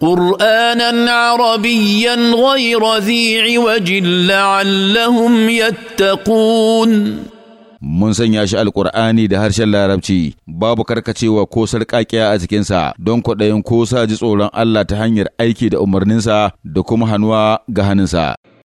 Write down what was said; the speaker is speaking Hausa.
قرانا عربيا غير ذي عوج لعلهم يتقون mun sanya shi alkur'ani da harshen larabci babu karkacewa ko sarƙaƙiya a cikinsa don kwaɗayin ko sa ji tsoron Allah ta hanyar aiki da umarninsa da kuma hannuwa ga hannunsa.